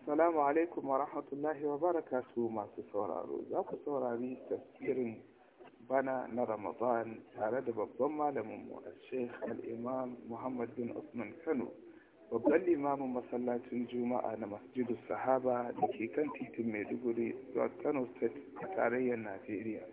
Assalamu alaikum wa rahmatullahi wa barakatu masu sauraro. Za ku saurari tafsirin bana na Ramadan tare da babban malamin mu a Sheikh Al-Imam Muhammad bin Usman Kano, babban limamin masallacin Juma'a na Masjidu Sahaba da ke kan titin Maiduguri, Kano State a tarayyar Najeriya.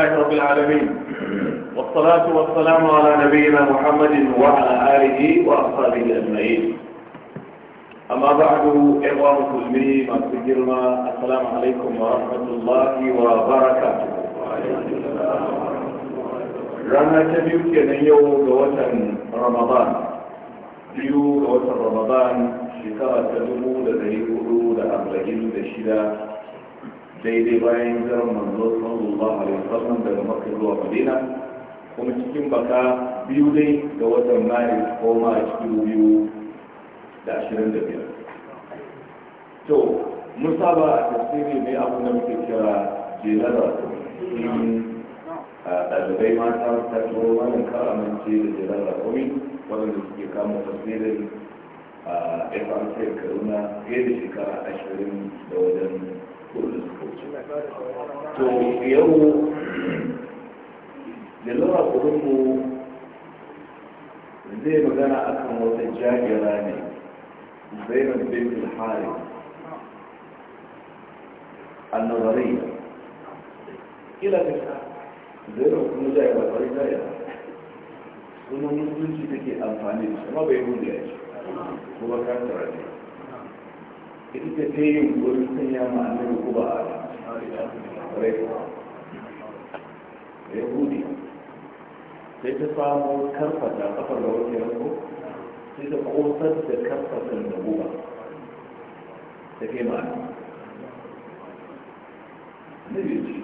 لله رب العالمين والصلاة والسلام على نبينا محمد وعلى آله وأصحابه أجمعين أما بعد إخوة المسلمين ما السلام عليكم ورحمة الله وبركاته رانا تبيو كان يوم وطن رمضان biyu ga رمضان شكاة shekara ta dubu da dari hudu باين زرم منظر sallallahu alaihi wasallam daga makka zuwa madina kuma cikin baka biyu dai da watan mayu ko ma cikin biyu da ashirin da biyar to mun saba a tasiri mai abu da muke kira jelara cikin ɗalibai mata ta turo wannan karamance da jelara kuma waɗanda suke kama tasirin a frc kaduna fiye da shekara ashirin da wajen to yau da lura kudinmu zai magana a kan wata jagira ne zainab bin al-hari annabari kila ka sha zainab kuma jaya ba tsari jaya sunan musulunci take amfani da shi amma bai hudu ya ce kuma kan tsara ita ta yi yunkurin sanya ma annabi kuba a rai yahudi sai ta samu karfata kafar da wani yanko sai ta kosar da karfatan da guba ta ke ma annabi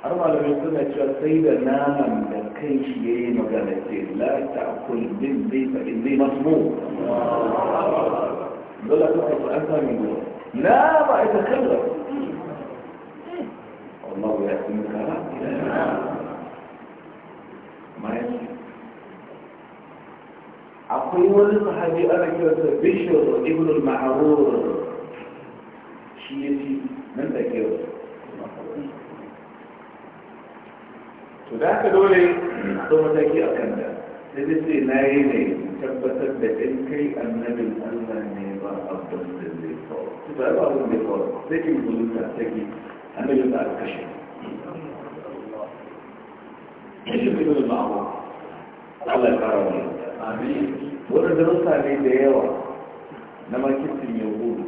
har malamai suna cewa sai da naman da kai shi ya yi magana ce la ta kun bin zai faɗin zai masu يقول لك اقرأ من جوا لا بقى يتخلف الله يأتي من كلام ما يأتي akwai wani sahabi ana kiransa bishir ibn al shi ya ci nan da to da dole mataki a kan sai dai sai na yi ne tabbatar da in kai annabin allah تبقى بقى من بيقار تاكي من ظلمتها تاكي أمل بقى الكشف كشف ابن المعروف الله يكرمه آمين وأنا درست عليه ده يوا لما كنت يقول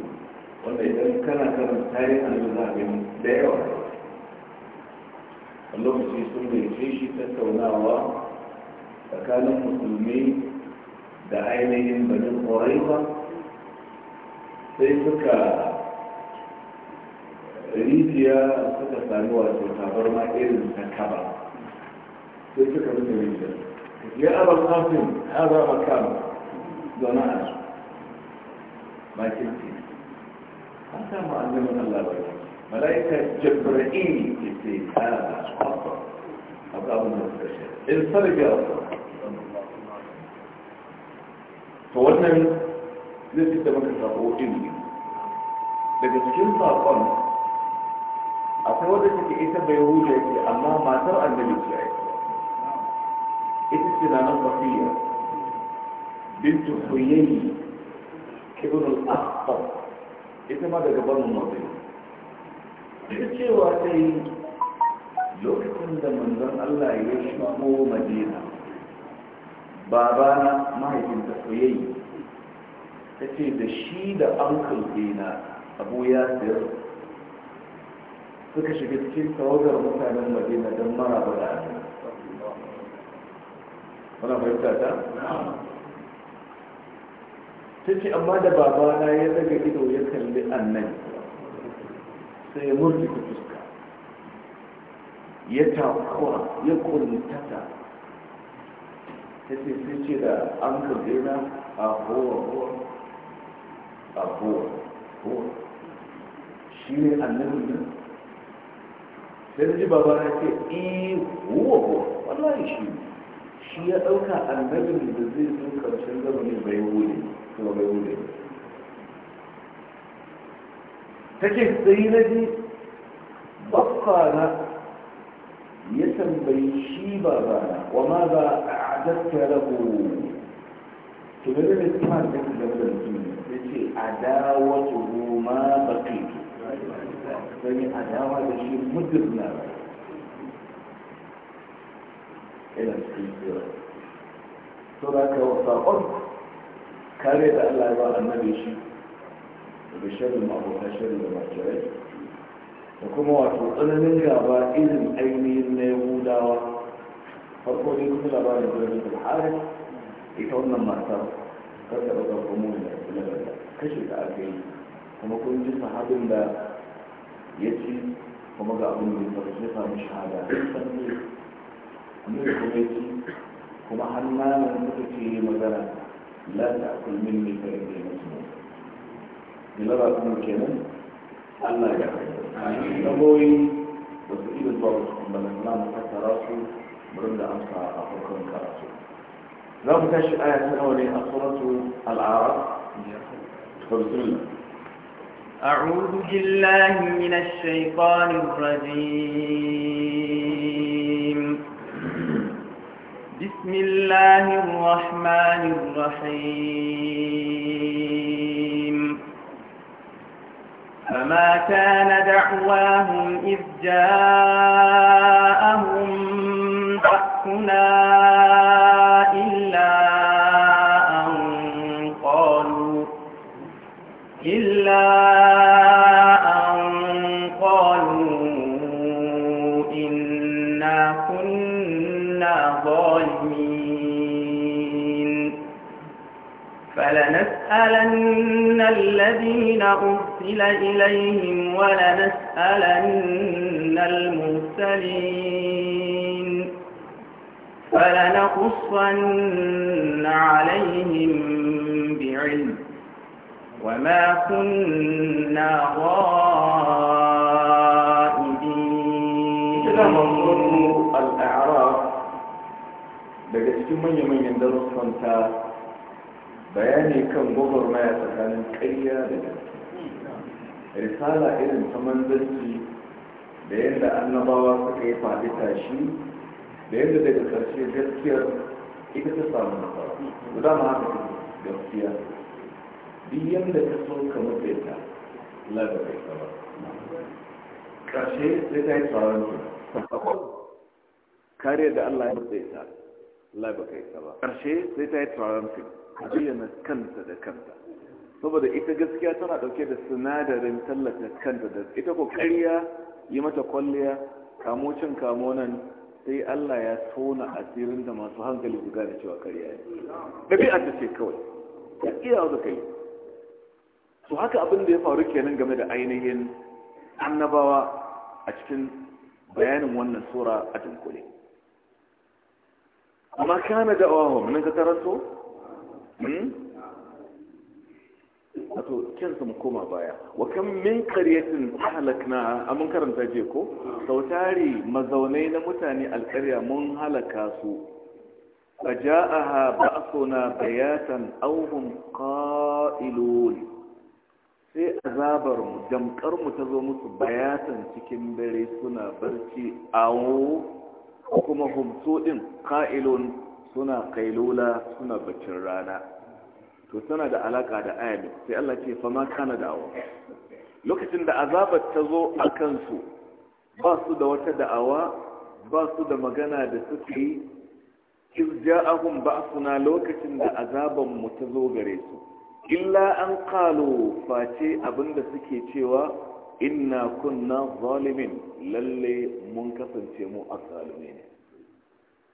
wanda idan kana karin tarihin annabi za a gani da yawa a lokaci sun gaice shi tattaunawa tsakanin musulmi da ainihin banin ƙwarai ba sai suka rijiya suka sami wato tabar ma irin ta kaba sai suka rufe rijiya ya abar kafin haza makam zama a su bakin ce an samu annabin allah ba malaika jibra'il ke ce haza su hafa a zaɓin da suka shi in sarki a to wannan zai fi da maka din ne daga cikin sakon akwai wadda take ita bai huja yake amma matar annabi ce ai ita ce na nan safiya bintu huyayi ibn al-asfar ita ma daga banu mazin ita cewa sai lokacin da manzon Allah ya shigo Madina babana mahaifinta huyayi ta ce da shi da ankul dina abu ya suka shiga cikin tawagar mutanen madina don mara ba da wana fahimta ta? ta ce amma da babana ya daga ido ya kalli annabi sai ya murtuka fuska ya takura ya kuntata ta ce sai ce da an kalli a kowa kowa abuwa shi ne annabi ne sai ji baba ya ce eh huwa huwa wallahi shi shi ya ɗauka annabin da zai zo karshen zamani bai wule kuma bai wule take sai na ji baffana ya tambayi shi babana wa ma ba a adatta rabu to da zai kuma da kuma da mutum ne yace adawatu ma baqitu sai adawa da shi mutum na ila cikin to da ka wasa on kare da Allah ya ba annabi shi da sharri ma ko sharri da makirai da kuma wato tsananin gaba irin ainihin na yahudawa farko dai kuma labarin da ya ita wannan matar kar ka ɗauka ko mu da kula da ka kashe ka aka yi kuma kun ji sahabin da ya ci kuma ga abin da ya faru samu shahada sannan ne kuma ya ci kuma har malamin suka ce yi magana la ta kulmin ne ka rage masu ne dilara kuma kenan Allah ya kai naboyi ba su iya zuwa ba su kuma na fassara su murin da amsa a farkon karatu لو بتاش آية الأولى أصورة الأعراف بسم سلم أعوذ بالله من الشيطان الرجيم بسم الله الرحمن الرحيم فما كان دعواهم إذ جاءهم بأسنا إلا أن قالوا إلا أن قالوا إنا كنا ظالمين فلنسألن الذين أرسل إليهم ولنسألن المرسلين فلنقصن عليهم بعلم وما كنا غائبين الأعراف daga cikin manya-manyan darussanta bayani kan gwagwarmaya tsakanin ƙarya da gaske risala irin ta manzanci da yadda annabawa suka yi faɗi tashi da yadda daga karshe gaskiyar ita ta samu nasara Guda dama haka gaskiya duk yadda ta so ka mutu ta lagar da ita ba karshe sai ta yi tsawon ta kariya da allah ya mutu ta labar ka ita ba karshe sai ta yi tsawon ta a bayyana kanta da kanta saboda ita gaskiya tana dauke da sinadarin tallata kanta da ita ko kariya yi mata kwalliya kamo cin kamo nan sai Allah ya tona asirin da masu hankali su gane cewa karya ne ɗabi'a a ce kawai ya iya da kai su haka abin da ya faru kenan game da ainihin annabawa a cikin bayanin wannan sura a dunkule amma kana da'awahum nan ka karanto hmm? wato kyansa mu koma baya wa kan min qaryatin ahlakna karanta je ko sautari mazaunai na mutane alƙarya mun halaka su a ba'suna bayatan auhun ƙailun. sai azabar mu damkar mu ta zo musu bayatan cikin dare suna barci awo kuma hum su din qa'ilun suna kailula suna rana to tana da alaka da aya sai Allah ce fa ma kana awa. lokacin da azabar ta zo a kansu ba su da wata da'awa ba su da magana da suke yi ba su ba'suna lokacin da azaban mu ta zo gare su illa an qalu face abinda suke cewa inna kunna zalimin lalle mun kasance mu azzalumi ne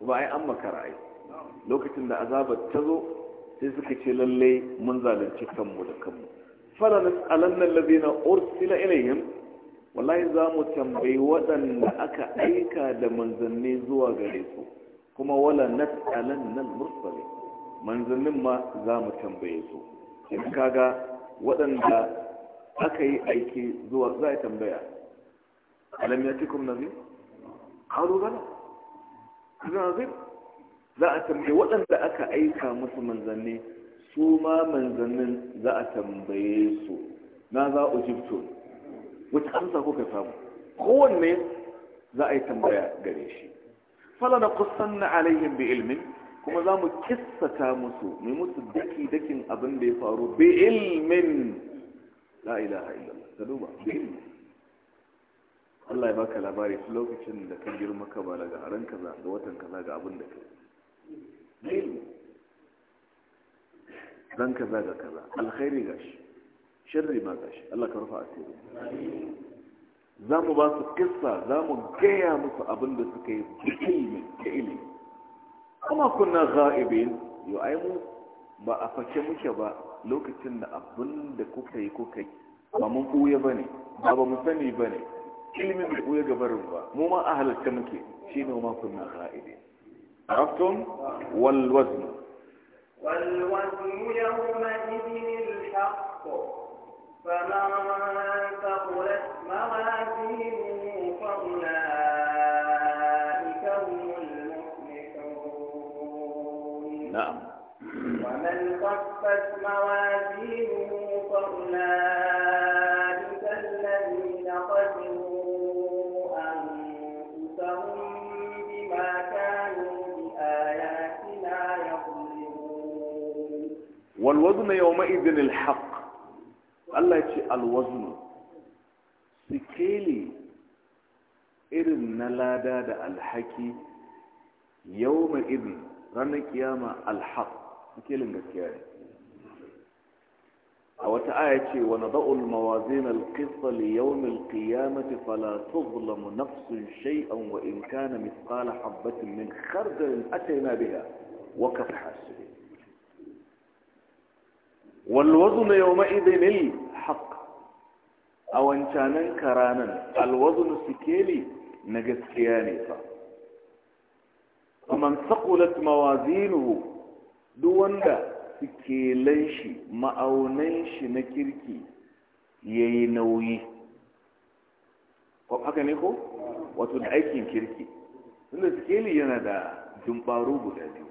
ba ai an makara ai lokacin da azabar ta zo sai suka ce lalle mun zalunci kanmu da kanmu fala nas'alanna na ursila ilayhim wallahi za mu tambayi waɗanda aka aika da manzanni zuwa gare su kuma wala nas'alanna nan mursalin manzannin ma za mu tambaye su in kaga waɗanda aka yi aiki zuwa za a tambaya alam yatikum nabi qalu bala nazir za a tambaye waɗanda aka aika musu manzanni su ma manzannin za a tambaye su na za a ujibtu wata amsa ka samu kowanne za a yi tambaya gare shi fala na kusan na alayhin bi ilmin kuma za mu kissata musu mai musu daki dakin abin da ya faru bi ilmin la ilaha illallah ta duba bi ilmin Allah ya baka labari lokacin da ka girma ka ba daga ran kaza ga watan kaza ga abin da ka yi lailu dan kaza ga kaza alkhairi gashi shirri ma gashi Allah ka rufa asiri za mu ba su kissa za mu gaya musu abin da suka yi ilimi da ilimi kuma kuna ga'ibin yau ai mu ba a fake muke ba lokacin da abin da kuka yi kuka yi ba mun ɓuya ba ne ba ba mu sani ba ne ilimin da ɓuya gabarin ba mu ma a halatta muke shi ne ma kuna ga'ibin عرفتم والوزن والوزن يومئذ الحق فمن ثقلت موازينه فأولئك هم المفلحون نعم ومن خفت موازينه فأولئك والوزن يومئذ الحق الله يتي الوزن سكيلي إذن نلادا دا الحكي يومئذ رانا قيامة الحق سكيلي نكياني أو تآيتي ونضع الموازين القصة ليوم القيامة فلا تظلم نفس شيئا وإن كان مثقال حبة من خردل أتينا بها وكفحة السبيل والوزن يومئذ الحق a wancanan karanan alwazun sikeli na gaskiya ne fa man saqulat mawazinuhu duk wanda sikelan shi ma'aunan shi na kirki yayi nauyi ko haka ne ko wato da aikin kirki tunda sikeli yana da jumbaru guda biyu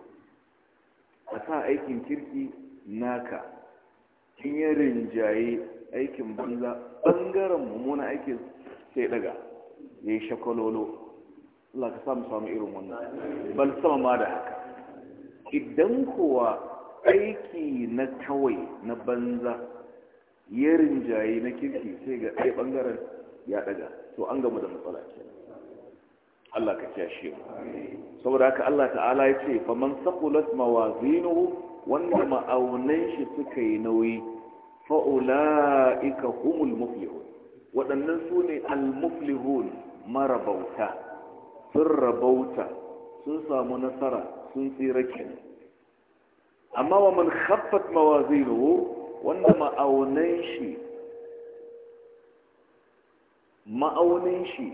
a sa aikin kirki naka in ya rinjaye aikin banza ɓangaren mummuna aikin sai daga ya yi shakwalolo Allah ka samu samu irin wannan bal sama ma da haka idan kuwa aiki na kawai na banza ya rinjaye na kirki sai ga ɗaya ɓangaren ya daga to an gama da matsala kenan Allah ka kyashe mu saboda haka Allah ta'ala ya ce faman saqulat mawazinuhu wanda ma'aunan shi suka yi nauyi fa'ula'ika humul muflihun waɗannan su ne almuflihun mara marabauta sun rabauta sun samu nasara sun tsira kenan amma wa man khaffat mawazinu wanda ma'aunan shi ma'aunin shi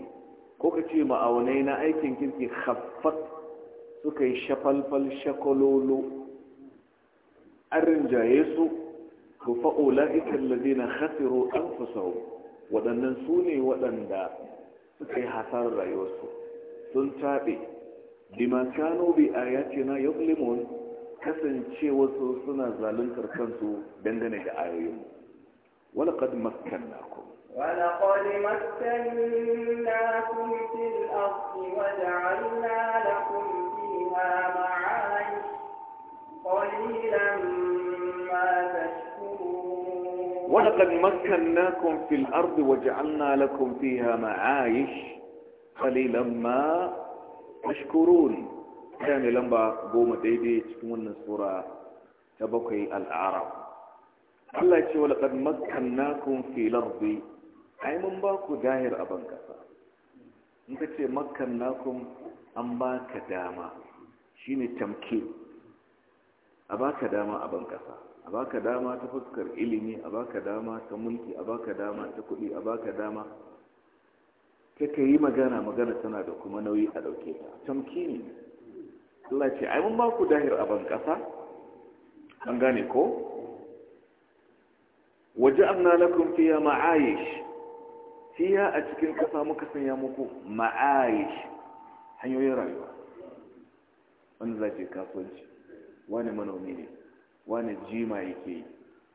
ko ka ce ma'aunai na aikin kirki khaffat suka yi shafalfal shakololo an rinjaye su to fa'ula'ika alladhina khasiru anfusahum waɗannan su ne waɗanda suka yi hasarar rayuwarsu sun taɓe bima kanu na yau yuqlimun kasancewarsu suna zaluntar kansu dangane da ayoyinmu ولقد مكناكم ولقد مكناكم في الأرض وجعلنا لكم فيها معايا ولقد مكناكم في الأرض وجعلنا لكم فيها معايش قليلا ما تشكرون يعني لما قوم ديدي تكون السورة تبقي الأعراب الله يقول ولقد مكناكم في الأرض أي من باكو داهر أبن كفا أنت تقول مكناكم أم باك داما شيني تمكين a baka dama a bankasa a baka dama ta fuskar ilimi a baka dama ta mulki a baka dama ta kuɗi a baka dama kaka yi magana magana tana da kuma nauyi a ɗauke ta tamkini Allah ce ai mun ba ku dahir a bankasa an gane ko Waje waja'alna lakum fiya ma'ayish fiya a cikin ƙasa muka sanya muku ma'ayish hanyoyin rayuwa wanda za ce kasuwanci wani manomi ne wani jima yake yi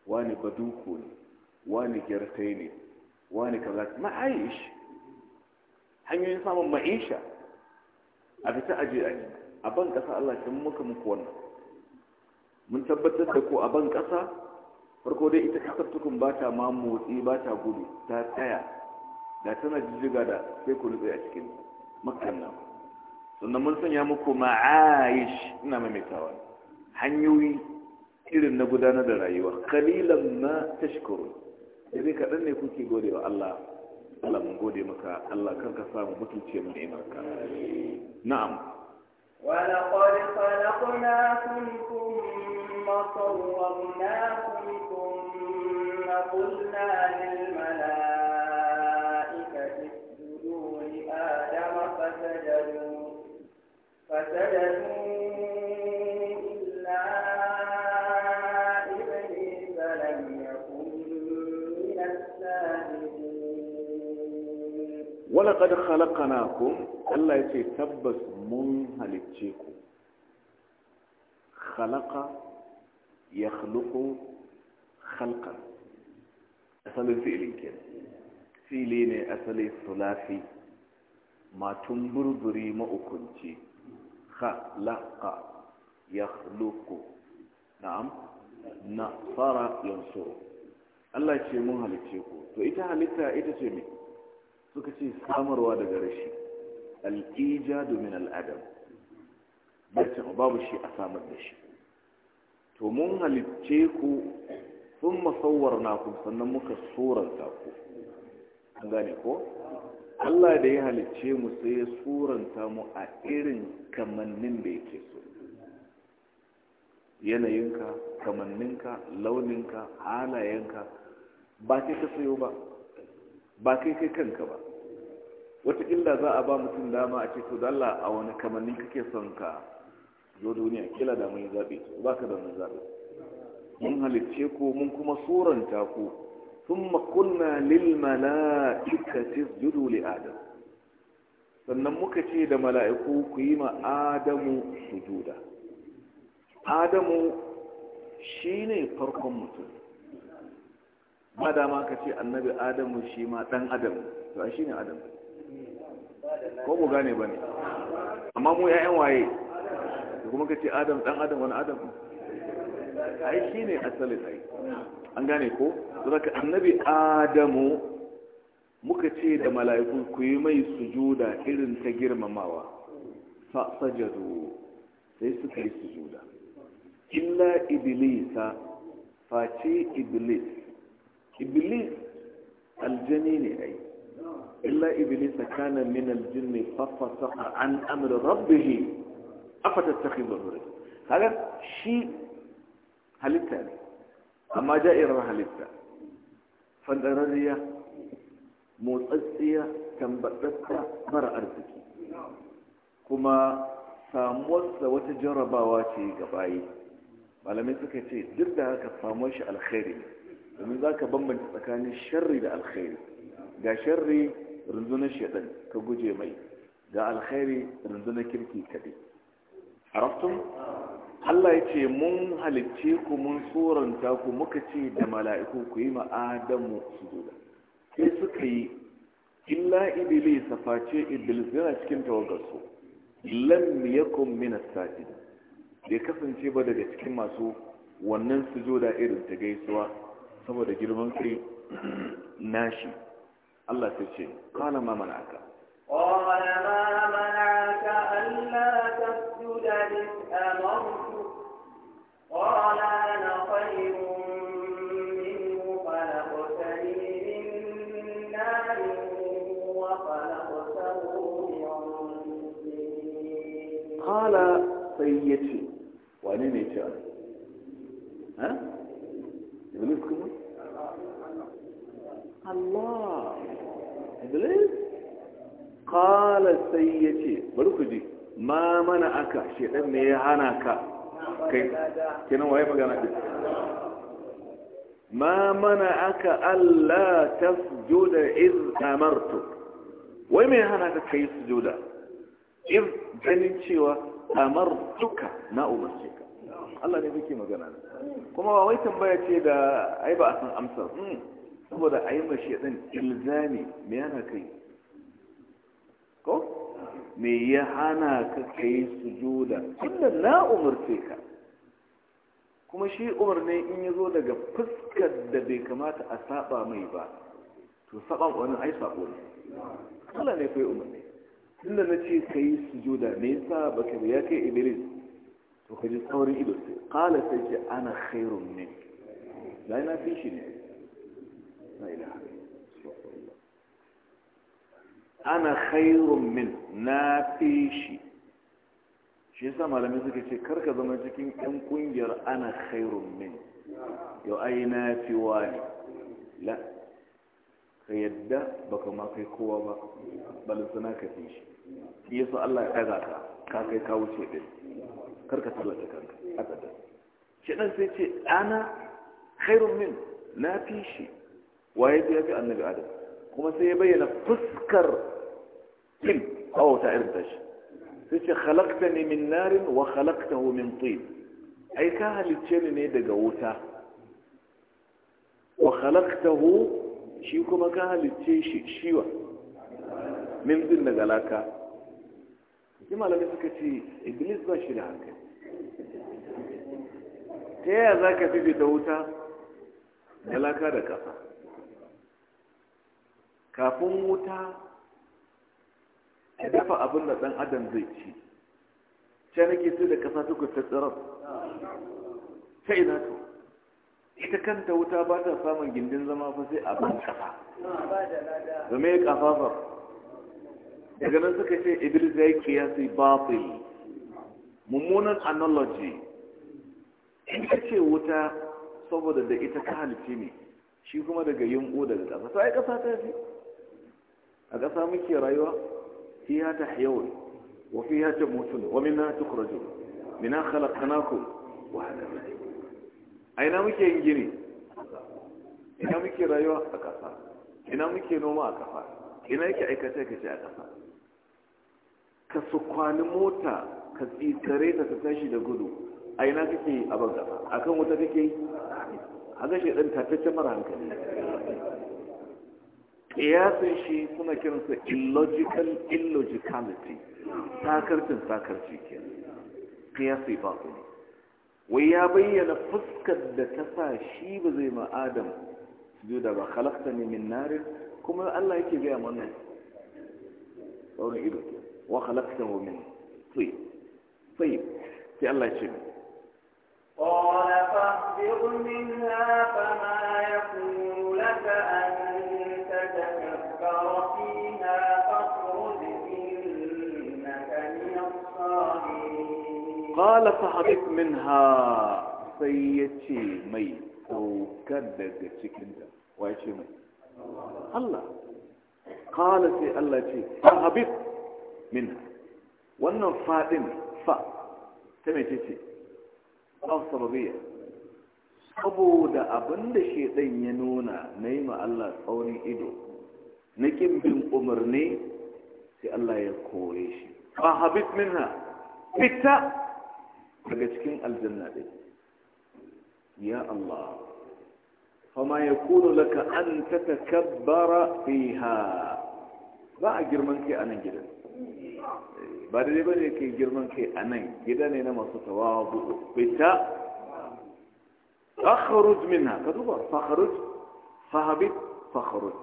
wani baduku ne wani gyartai ne wani kaza ma'aish hanyoyin samun ma'isha a fita aje aje a ban ƙasa Allah shi muka muku wannan mun tabbatar da ko a ban ƙasa farko dai ita ƙasar tukun ba ta ma motsi ba ta gudu ta tsaya da tana jijjiga da sai ku nutse a cikin makan sannan mun sanya muku ma'aish ina maimaitawa hanyoyi irin na gudanar da rayuwa kalilan ma ta tashkuru da zai kaɗan ne kuke gode wa Allah Allah mun gode maka Allah karka samu mutunce mu ni'imarka na'am ولقد خلقناكم ثم صورناكم ثم قلنا للملائكة اسجدوا لآدم فسجدوا فسجدوا laƙad halakana ku Allah ya ce tabbas mun halicce ku halaka ya haluku halka asalin fi'ilin ke fili ne asali sulafi matun burburi ma'ukunci halaka ya haluku na'am na fara yansu Allah ce mun halicce ku to ita halitta ita ce mai suka ce samarwa daga rashi al'ijadu min al'adam barcin babu shi a samar da shi to mun halicce ku sun masauwar naku sannan muka tsoranta ku an gane ko Allah da ya halicce mu sai ya tsoranta mu a irin kamannin da yake so yanayinka kamanninka launinka halayenka ba sai ka sayo ba ba kai kai kanka ba wata za a ba mutum dama a ce to da Allah a wani kamanni kake son ka zo duniya kila da mun zabe ba ka da mun zabe mun halicce ko mun kuma suranta ko thumma kunna lil mala'ikati isjudu li adam sannan muka ce da mala'iku ku yi ma adamu sujuda adamu shine farkon mutum ba dama ka ce annabi adamu shi ma dan adam to a shi ne adam ko mu gane ba ne amma mu ya'yan waye da kuma ka ce adam dan adam wani adam ai shi ne asalin ai an gane ko zaka annabi adamu muka ce da mala'iku ku yi mai sujuda irin ta girmamawa fa sajadu sai suka yi sujuda illa iblisa ce iblis إبليس الجنين أي إلا إبليس كان من الجن ففتح عن أمر ربه أفتتخذ الهرس هذا شيء هل التالي أما جاء إرمى هل التالي فالأرضية مؤسسية كم بأسسة مرأة أرضك كما ساموس وتجربة واتي قبائي ولم يسكت شيء جدا كفاموش الخير domin za ka bambanta tsakanin sharri da alkhairi ga sharri rundunar shaɗan ka guje mai ga alkhairi rundunar kirki kaɗai raftun Allah ya ce mun halitce ku mun tsoranta ku muka ce da mala'iku ku yi ma'adamu su zo da. sai suka yi illa iblis face iblis yana cikin tawagarsu lam yakun min as bai kasance ba daga cikin masu wannan da irin ta gaisuwa saboda girman kai nashi Allah ta ce qala ma mana'aka qala ma mana'aka alla tasjuda lis amartu qala ana khayrun kala sai ya ce ne ce iblis kuma Allah Iblis qala sai yace bari ku ji ma mana aka shedan ne ya hana ka kai kenan waye magana din ma mana aka Allah tasjuda iz amartu wai me hana ka kai sujuda iz ganin cewa amartuka na umarce ka Allah ne yake magana kuma wai tambaya ce da ai ba a san amsar hmm. saboda a yi mashi ɗin ilzami mai yana kai ko me ya hana ka kai joda? inda na umarce ka kuma shi umarni in ya zo daga fuskar da bai kamata a saba mai ba to saba wani ai sabo ne Kala ne kai umarni da na ce kai joda. me yasa ba ka ya kai Idris to ka ji saurin ido sai Kala sai ce ana khairun ne. la ina fi shi ne ana khairun min na fi shi shi yasa malamai suka ce karka zama cikin ɗan ƙungiyar ana khairun min yau ai na fi wani la ka yadda baka ma kai kowa ba balisana ka fi shi shi yasa Allah ya ɗaga ka ka kai ka wuce ɗin karka tallata kanka abada shi ɗan sai ce ana khairun min na fi shi waye ya fi annabi adam kuma sai ya bayyana fuskar kim a wata irin tashi sai ce halakta ne min narin wa halakta min tin ai ka halicce ni ne daga wuta wa halakta shi kuma ka halicce shi shiwa min din daga laka yi malamai suka ce iblis ba shi da hankali ta yaya za ka fi ta wuta da laka da kafa kafin wuta ya dafa abin da ɗan adam zai ci ce nake su da ƙasa suka ta tsirar ta ina to ita kanta wuta ba ta samun gindin zama fa sai abin ƙasa zama ya ƙafafar daga nan suka ce idris zai kiya sai batil mummunan analogy ita ce wuta saboda da ita ka halice ne shi kuma daga yunƙo daga ƙasa sai ƙasa ta fi a ƙasa muke rayuwa ta tahyawun wa ta mutum wa minha tukhrajun na khalaqnakum wa ina muke yin gini ina muke rayuwa a ƙasa ina muke noma a ƙafa ina yake aikata kace a ƙasa ka su kwani mota ka tsitare ta ta tashi da gudu a ina kake a ban ƙasa kan wuta kake a shi ɗan ta mara hankali kiyasin shi suna kiransa illogical illogicality sakarcin sakarci ke kiyasi ba ne wai ya bayyana fuskar da ta sa shi ba zai ma adam su da ba halakta ne min narin kuma allah yake gaya wannan sauran ido wa halakta wa min Sai. Sai. sai allah ce قال فاهبط منها فما يكون لك أن qala fahabit minha sai yace mai saukar daga cikinta wa mai Allah qala sai Allah ce fahabit minha wannan fadin fa ta mai ce asrabiya saboda abinda shedan ya nuna nayi ma Allah tsaurin ido na kin umarni sai Allah ya kore shi fahabit minha fita daga cikin aljanna ɗin ya Allah fama ya kuno laka an ta takabbara fiha ba a girman kai a nan gidan ba da ba ne ke girman kai a nan gida ne na masu tawabu fita fakhruj minha ka duba fakhruj fahabit fakhruj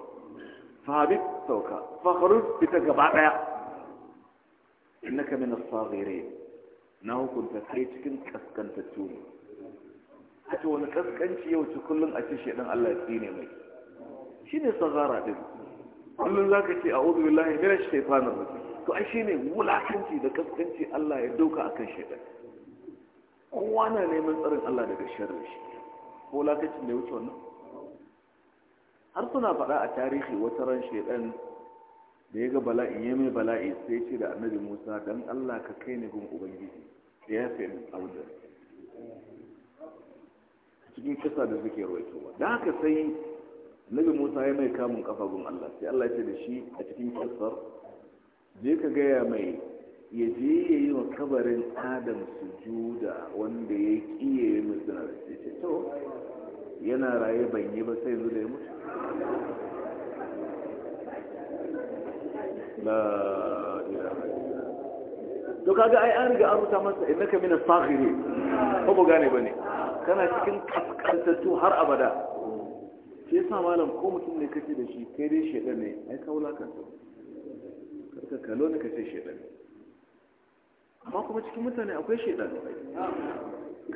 fahabit sauka fakhruj fita gaba daya innaka min as-saghirin na hukunta kai cikin kaskanta ne a ce wani kaskanci yau ci kullum a ce shaɗin Allah ya ne mai shi ne tsazara ɗin kullum za ka ce a ozu billahi mina shaifanin rajim to ai shi ne wulakanci da kaskanci Allah ya dauka a kan shaɗin kowa na neman tsarin Allah daga sharri shi wulakancin da ya wuce wannan har suna faɗa a tarihi wata ran shaiɗan da ya ga bala'i ya mai bala'i sai ce da annabi musa don allah ka kai ni gun ubangiji ya sayi cikin kisa da suke rawaitowa da haka sai nabi musa ya mai kamun kafagun allah sai allah ya ce da shi a cikin kisar je ka gaya mai ya je ya yi wa kabarin adam sujuda wanda ya kiye musulun da ce to yana raye ban yi ba sai yanzu da ya mutu la ilaha to kaga ai an riga an ruta masa innaka min as-saghiri ko ba gane bane kana cikin kaskantattu har abada shi yasa malam ko mutum ne kace da shi kai dai shedan ne ai ka wulakanta karka kalo ne kace shedan ne amma kuma cikin mutane akwai shedan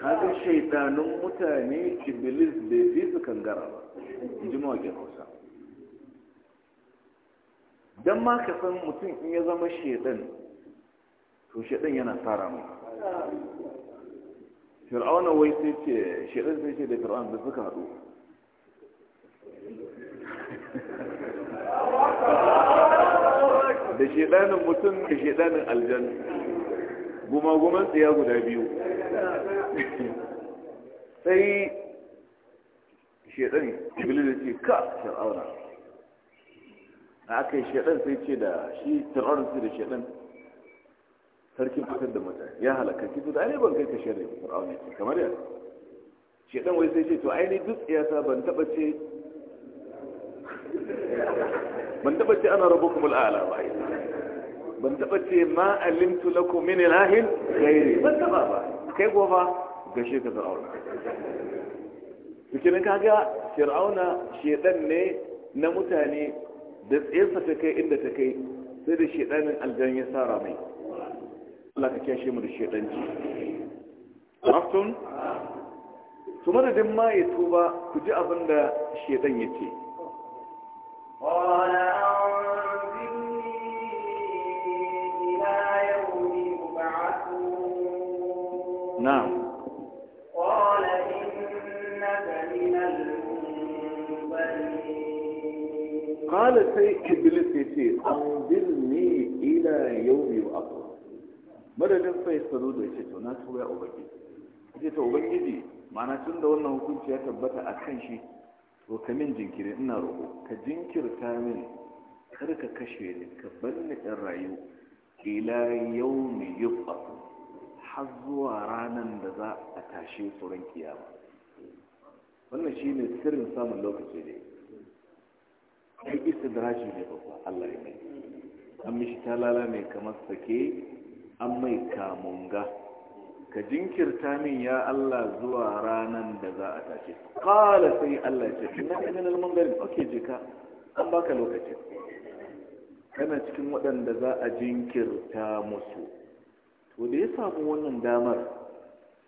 kaga shaidanun mutane iblis bai fi su kangara ba ji ke hausa dan ma ka san mutum in ya zama shaidan to shaɗan yana tsara mai fir'auna wai sai ce shaɗan sai ce da fir'auna da suka haɗu da shaɗanin mutum da shaɗanin aljan gumaguman tsaya guda biyu sai shaɗan iblis da ce ka fir'auna a aka yi shaɗan sai ce da shi fir'auna sai da shaɗan sarkin fitar da mata ya halaka ki to ai ban kai ka shari fir'auna kamar ya shi dan wai sai ce to ai ni duk iyasa ban taba ce ban taba ce ana rabbukum al'ala ba ai ban taba ce ma alimtu lakum min ilahin ghairi ban taba ba kai gofa gashe ka fir'auna cikin kaga fir'auna shedan ne na mutane da tsayinsa ta kai inda ta kai sai da shedanin aljan ya sara mai Allah ka kyashe mu da shedanci aftun to madadin ma ya tuba ku ji abin da shedan ya ce na'am قال سيد إبليس يتي أنظرني إلى يوم يبعثون madadin sai saro da ce to na tuba ya ubangiji yace to ubangiji ma'ana tun da wannan hukunci ya tabbata a kan shi to ka jinkiri ina roƙo ka jinkirta min kar ka kashe ni ka bar ni ɗan rayu ila yawmi yub'ath har zuwa ranar da za a tashe tsoron kiyama wannan shine sirrin samun lokaci ne ai rashin ne babba Allah ya mai an mishi talala mai kamar sake an mai kamunga ka jinkirta min ya Allah zuwa ranan da za a tashi kala sai Allah ce na kanin almangarin je jika an baka lokaci kana cikin waɗanda za a jinkirta musu to da ya samu wannan damar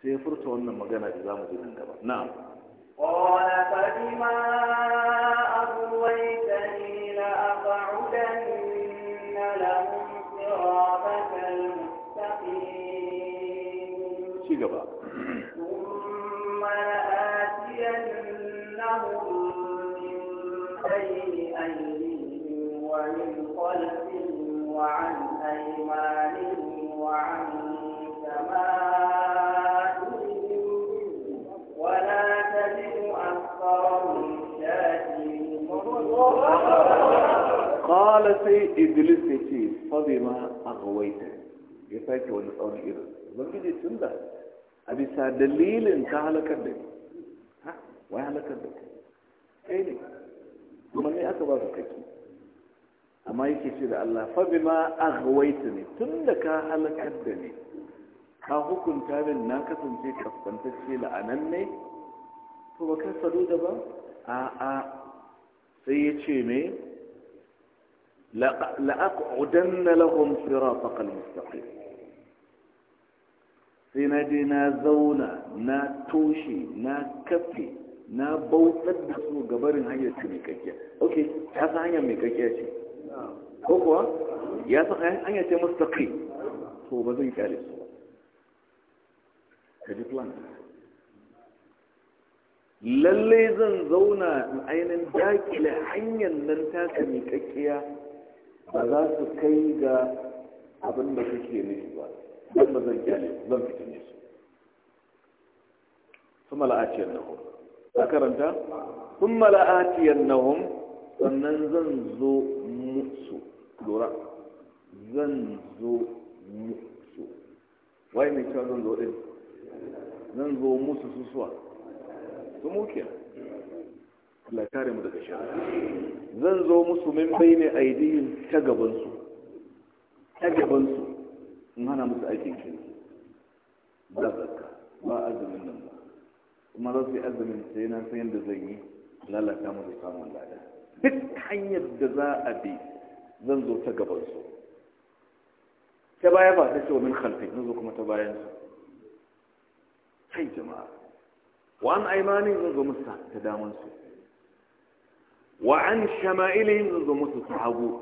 sai ya furta wannan magana da za mu ji nan gaba na'am qala fadima أيمانهم وعن شمائلهم ولا تجد أكثرهم قال سي إدريس يتي فبما أغويتني ya sake wani tsaunin irin ubangiji tun da a bisa dalilin ka halakar da ha wai halakar da kai ne kuma ne aka ba kaki amma yake ce da Allah ma a fa bima aghwaytani tunda ka halakar da ne ka hukunta min na kasance kaskantacce la'anan ne to ba ka sadu da ba a a sai ya ce me la'aqudanna lahum siratal mustaqim sai na je na zauna na toshe na kafe na bautar da su gabarin hanyar su mai kakkiya ok ta hanyar mai kakkiya ce ko kuwa ya san ayan eh, an yace mustaqi to ba zai kyale su ka ji plan lalle zan zauna in ainihin dakile hanyar nan ta kami kakkiya ba za su kai ga abin da kake nufi ba don ba zan kyale zan fitine su Sun na ثم لآتينهم أكرمت na لآتينهم sannan zan zo musu lura zan zo musu wai mai cewa zan zo ɗin zan zo musu su suwa su muke Allah kare mu daga shari'a zan zo musu min bai bayne aidiyin ta gabansu ta gabansu in hana musu aikin kiri da zakka ba azumin nan ba kuma za su yi azumin sai na san yadda zan yi lalata musu samun lada duk hanyar da za a bi zan zo ta gaban su ta baya ba ta ce wa min khalfi zan zo kuma ta bayan su kai jama'a wa an aimani zan zo musu ta daman su wa an shama'ilihim zan zo musu ta hagu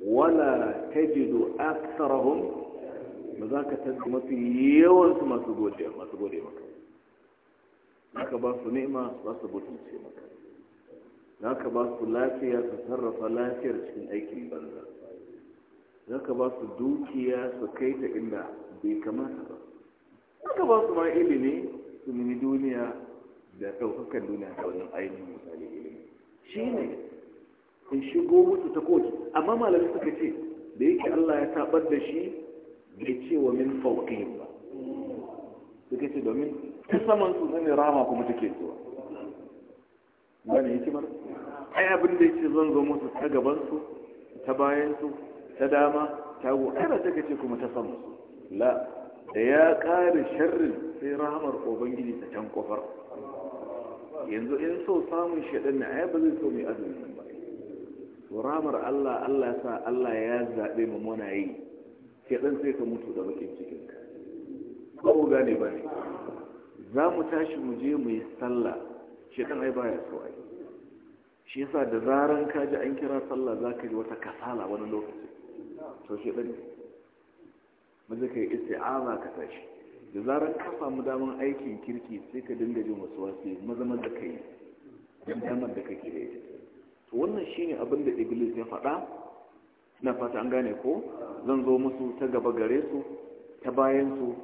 wala tajidu aktharahum ba za ka su mafi yawansu masu gode maka ka ba su nema za su mutunce maka za ka ba su lafiya su sarrafa lafiyar cikin aikin banza za ka ba su dukiya su kai ta inda bai kamata ba za ka ba su ma ilimi su nini duniya da ɗaukakan duniya ta wajen ainihin misali ilimi shi ne in shigo mutu ta koki amma malamai suka ce da yake allah ya tabar da shi bai ce wa min fauƙin ba suka ce domin ta saman su zane rama kuma take zuwa ba ne hikimar ai abin da yake zan zo musu ta gabansu ta bayansu ta dama ta go ai ba ta kace kuma ta samu la da ya kare sharrin sai rahamar ubangiji ta can kofar yanzu in so samun shaɗan na ai ba zai so mai azumi ba to rahamar Allah Allah sa Allah ya zabe mu muna yi shaɗan sai ka mutu da bakin cikin ka ko gane ba ne za mu tashi mu je mu yi sallah shedan ai baya so ai shi yasa da zaran ka ji an kira sallah za ka yi wata kasala wani lokaci to shi ne maza ka yi isti'aza ka tashi da zaran ka samu daman aikin kirki sai ka dinga jin wasu wasu maza da ka yi yan damar da kake da ita to wannan shine abin da iblis ya faɗa na fata an gane ko zan zo musu ta gaba gare su ta bayan su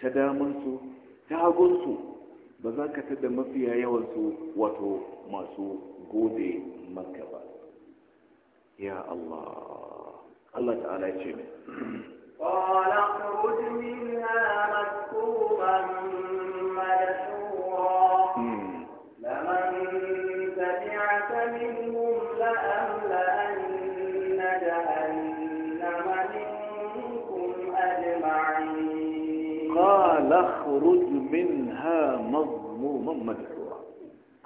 ta damansu ta su. ba za ka tada mafiya yawansu wato masu gode maka ba ya Allah Allah ta'ala ce ne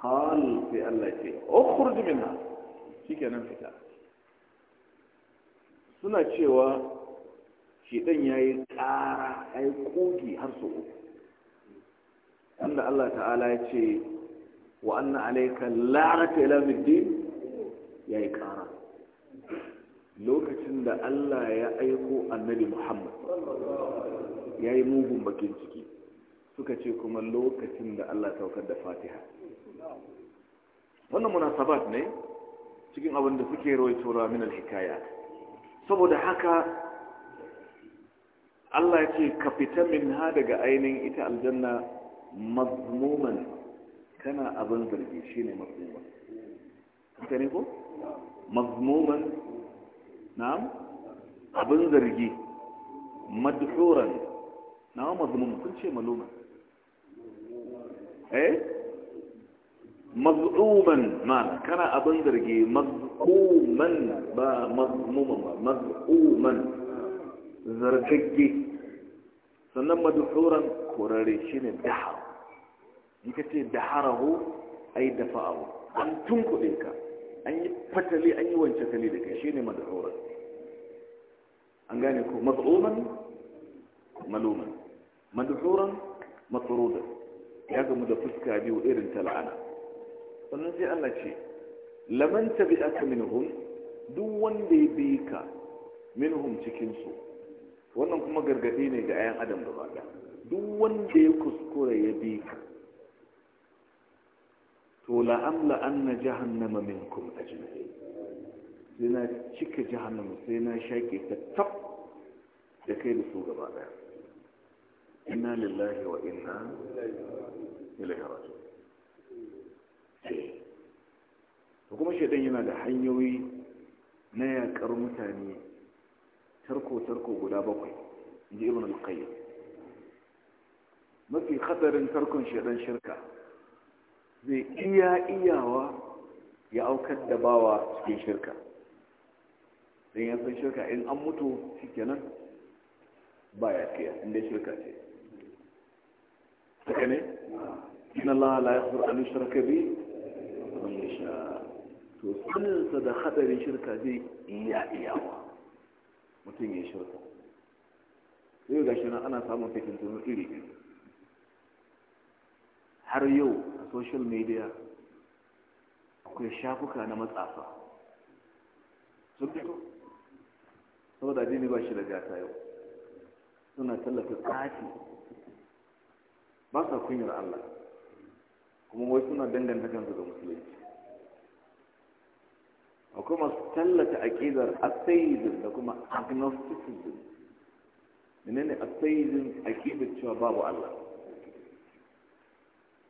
قال في الله يتي اخرج منها shikenan fita suna cewa shedan ya yi ƙara ya har su inda Allah ta'ala ya ce wa anna alaika la'arata ila middin ya yi ƙara lokacin da Allah ya aiko annabi Muhammad ya yi mugun bakin ciki suka ce kuma lokacin da Allah saukar da fatiha wannan munasabat ne cikin abin da suke rawaitowa min al-hikaya saboda haka Allah ya ce ka fita min ha daga ainihin ita aljanna mazmuman kana abin zargi shine mazmuman kuka ne ko mazmuman na'am abin zargi madhuran na'am mazmuman kun ce maluma eh maz'uman mana kana abin zargi maz'uman ba mazmuman ba maz'uman zargagge sannan madhuran kurare shine dahar ka ce daharahu ai dafa'ahu an tunkuɗe ka an yi fatali an yi wance kali da kai shi shine madhuran an gane ko maz'uman maluman madhuran matsurudan ya gamu da fuska biyu irin tal'ana sannan sai Allah ce laman tabi'aka minhum duk wanda ya bi ka minhum cikinsu wannan kuma gargadi ne ga ayan adam gaba ɗaya duk wanda ya kuskura ya bi ka to la'amla anna jahannama minkum ajma'in sai na cika jahannama sai na shaƙe ta tab da kai da su gaba ɗaya inna lillahi wa inna ilaihi raji'un to kuma shaidan yana da hanyoyi na yakar mutane tarko-tarko guda bakwai inji ibn al-qayyim mafi hadarin tarkon shaidan shirka zai iya iyawa ya aukar da bawa cikin shirka don ya san shirka in an mutu nan, ba ya fiya inda shirka ce haka ne inna allaha la yaghfiru an yushraka bihi man ya sha to saninsa da hadarin shirka zai iya iyawa mutum ya shirka Yau ga shi ana samun fitintunu iri iri har yau a social media akwai shafuka na matsafa sun fito saboda ba shi da gata yau suna tallata tsafi ba sa kunyar Allah kuma wai suna danganta kansu ga musulunci akwai masu tallata aƙidar atheism da kuma agnosticism menene atheism aƙidar cewa babu Allah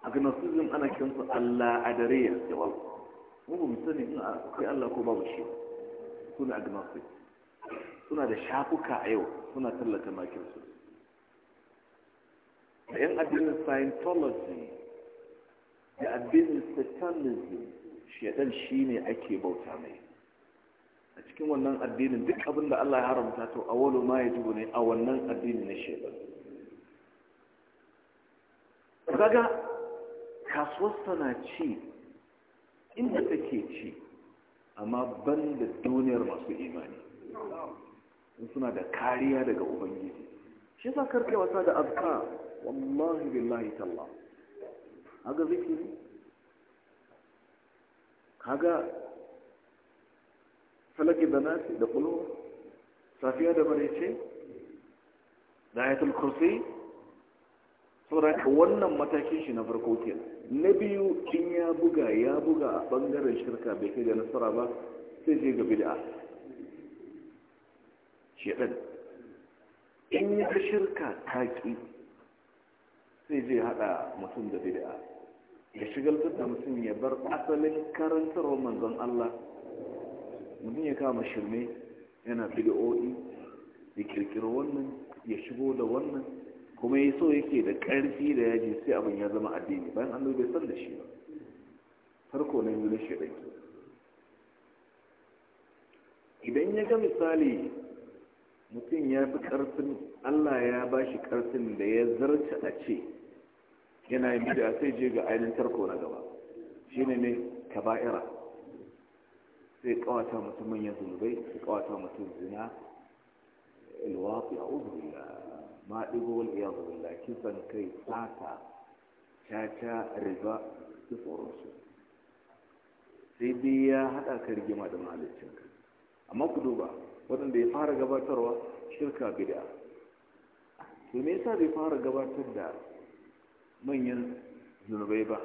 agnosticism ana kinsu Allah dare da ya mu ba mu sani in akwai Allah ko babu shi suna agnostic suna da shafuka a yau suna tallata makinsu da yan addinin Scientology da addinin satanism shaidan shi ne ake bauta mai a cikin wannan addinin duk abin da Allah ya haramta to a wani ma ya jibu ne a wannan addinin na shaidan kaga kasuwarsa na ci inda take ci amma ban da duniyar masu imani in suna da kariya daga ubangiji shi sa karkai wasa da azka wallahi billahi tallah kaga zikiri Haga falaki da nasi da kulo safiya da ce, da ayatul kursi saboda wannan matakin shi na farko ke na biyu in ya buga ya buga a bangaren shirka bai kai da nasara ba sai je ga bid'a shedan in ya shirka taki sai je hada mutum da bid'a ya shigaltar da mutum ya bar asalin karantarwar manzon Allah mutum ya kama shirme yana bid'o'i ya kirkiri wannan ya shigo da wannan kuma ya so yake da karfi da yaji sai abin ya zama addini bayan an bai san da shi ba farko na yi na ke. idan ya ga misali mutum ya fi ƙarfin allah ya ba shi ƙarfin da ya zarce a ce yana yin bid'a sai je ga ainihin tarko na gaba Shi ne ne, kaba'ira sai kawata mutum manyan zunubai sai kawata mutum zina ilwafi a ya ma ɗigo wal iya zubilla kisan kai sata caca riba da tsoronsu sai dai ya haɗa ka rigima da ka. amma ku duba waɗanda ya fara gabatarwa shirka bid'a to me yasa bai fara gabatar da manyan zunubai ba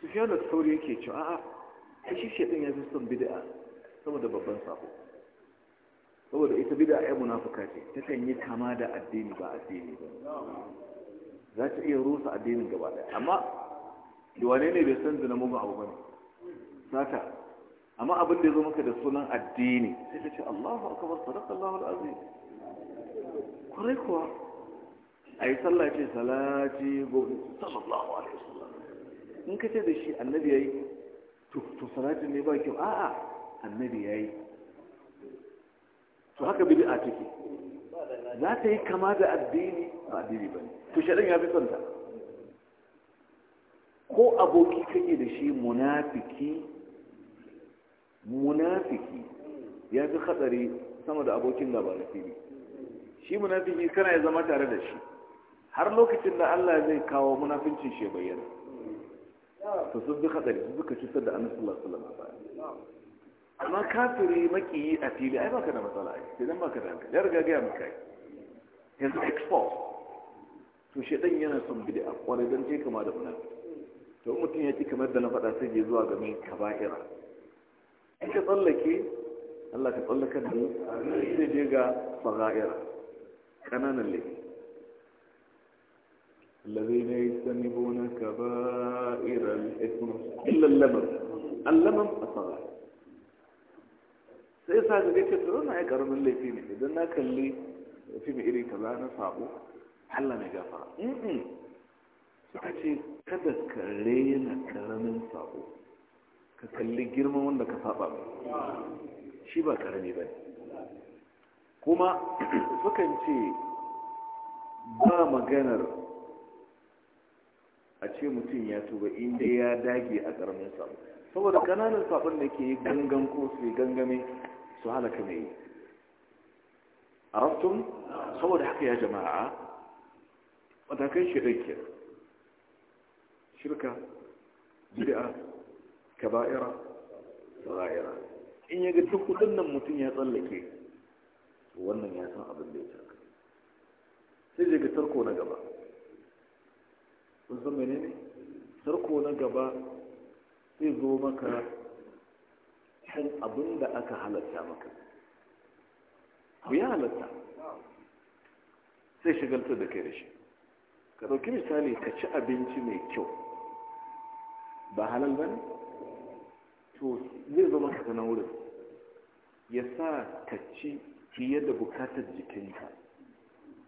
su fiye da sauri yake cewa a'a a shi shaɗin ya fi son bid'a saboda babban sako saboda ita bid'a ya munafuka ce ta kan yi kama da addini ba addini ba za ta iya rusa addinin gaba ɗaya amma wane ne bai san zina mugun abu ba ne sata amma abin da ya zo maka da sunan addini sai ta ce Allahu akbar sadaqallahu alazim kurai kuwa a yi sallah ce salati gobe sallallahu alaihi wasallam in ka ce da shi annabi ya yi to salati ne ba kyau a'a annabi ya yi to haka a take za ta yi kama da addini ba addini ba to shaɗan ya fi santa ko aboki kake da shi munafiki munafiki ya fi hatsari sama da abokin gaba da fili shi munafiki kana ya zama tare da shi har lokacin da Allah zai kawo munafincin shi bayyana to sun bi hadari sun suka ci da annabi sallallahu alaihi wasallam amma kafiri yi a fili ai baka da matsala ai sai dan baka da hankali ya riga ga maka ai yanzu expose to dan yana son bid'a kwarai dan je kama da munafiki to mutum ya ci kamar da na faɗa sai je zuwa ga mai kaba'ira in ka tsallake Allah ka tsallakar da mu sai je ga baga'ira ƙananan laifi الذين يجتنبون كبائر الإثم إلا اللمم اللمم الصغائر sai sa ga ce to na ya karamin laifi ne idan na kalli fim irin kaza na sabo Allah mai gafara suka ce kada ka rena karamin sabo ka kalli girman wanda ka saba shi ba karami ba kuma sukan ce ba maganar a ce mutum ya tuba inda ya dage a ƙaramin sabo saboda kananan sabon da ke gangan ko su gangame su halaka mai a raftun saboda haka ya jama'a matakan shirikiyar shirka bid'a kaba'ira sara'ira in ya ga duk waɗannan mutum ya tsallake wannan ya san abin da ya taka sai zai ga tarko na gaba kun mene sarko na gaba zai zo maka kan abin da aka halatta maka ku ya halatta sai shigaltar da kai da shi ka ɗauki misali ka ci abinci mai kyau ba halal ba ne to zai zo maka sanar wurin ya sa ka ci fiye da bukatar jikinka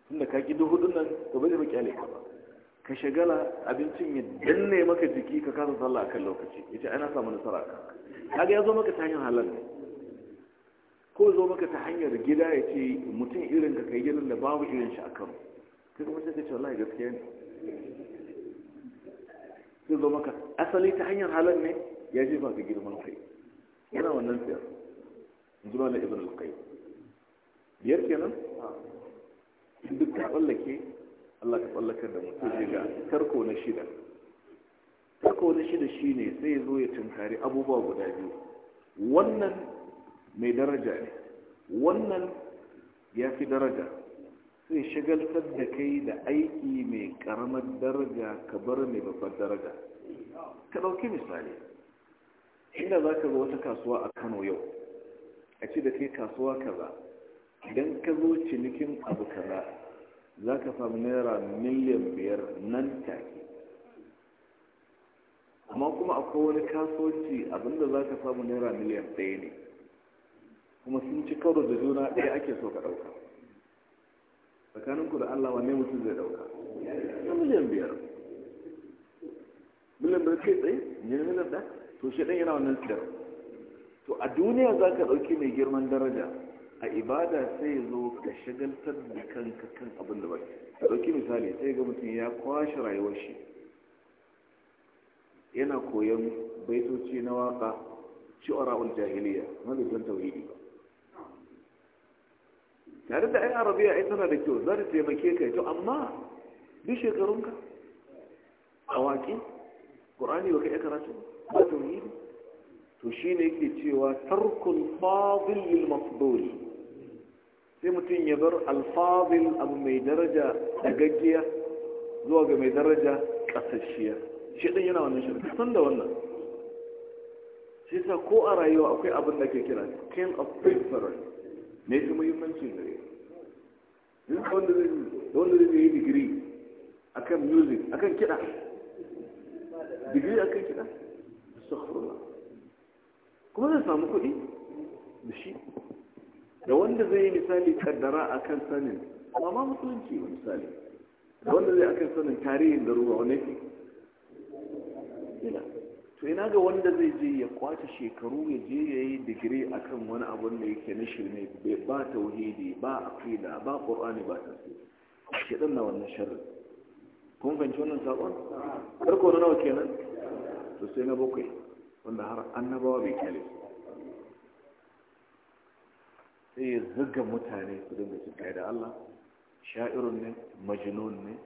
tunda ka ƙi duhudun nan ba zai ba kyale ka ba ka shagala abincin ya danne maka jiki ka kasa sallah akan lokaci ya ce ana samu nasara ka kaga ya zo maka ta hanyar halal ne ko zo maka ta hanyar gida ya ce mutum irin ka kai gidan da babu irin shi a kan kai kuma sai ka ce wallahi gaskiya ne sai zo maka asali ta hanyar halal ne ya ji ba ka girman kai yana wannan siyar zuwa na ibn al-qayyim biyar kenan duk ta tsallake Allah ka tsallakar da mutum ga tarko na shida tarko na shida shine sai zo ya tunkari abubuwa guda biyu wannan mai daraja ne wannan ya fi daraja sai shagaltar da kai da aiki mai karamar daraja ka bar mai babbar daraja ka ɗauki misali inda za ka zo wata kasuwa a kano yau a ci da kai kasuwa kaza idan ka zo cinikin abu kaza za ka samu naira miliyan biyar nan take amma kuma akwai wani kasuwanci abinda za ka samu naira miliyan ɗaya ne kuma sun ci karo da juna ɗaya ake so ka ɗauka tsakaninku da allah wanne mutum zai ɗauka na miliyan biyar miliyan biyar ke tsaye ne miliyan ɗaya to shi ɗan yana wannan tsayar to a duniya za ka ɗauki mai girman daraja a ibada sai zo ka shagaltar da kanka kan abin da bai ka ɗauki misali sai ga mutum ya kwashe rayuwar shi yana koyon baitoci na waka shi'ara'ul jahiliya wanda zan tauhidi ba tare da ai arabiya ai tana da kyau za ta taimake ka to amma duk shekarunka a waƙi ƙorani ba ka iya karatu ba tauhidi to shine yake cewa tarkun fadil lil mafdul sai mutum ya bar alfazil abu mai daraja dagaggiya zuwa ga mai daraja ƙasashiya shi ɗin yana wannan shirka san da wannan shi sa ko a rayuwa akwai abin da ke kira king of preference ne fi muhimmancin gare duk wanda zai wanda zai yi digiri kan music akan kiɗa digiri kan kiɗa su kuma zai samu kuɗi da shi da wanda zai yi misali kaddara a kan sanin ba ma musulunci ba misali da wanda zai akan sanin tarihin ruwa wani fi ina to ina ga wanda zai je ya kwace shekaru ya je ya yi digiri a kan wani abun da yake na shirme ba tauhidi ba aqida ba qur'ani ba tasiri shi na wannan sharri kun fahimci wannan sakon farko na nawa kenan to sai na bakwai wanda har annabawa bai kyale su sai ya zuga mutane su dinga su kai da Allah sha'irun ne majnun ne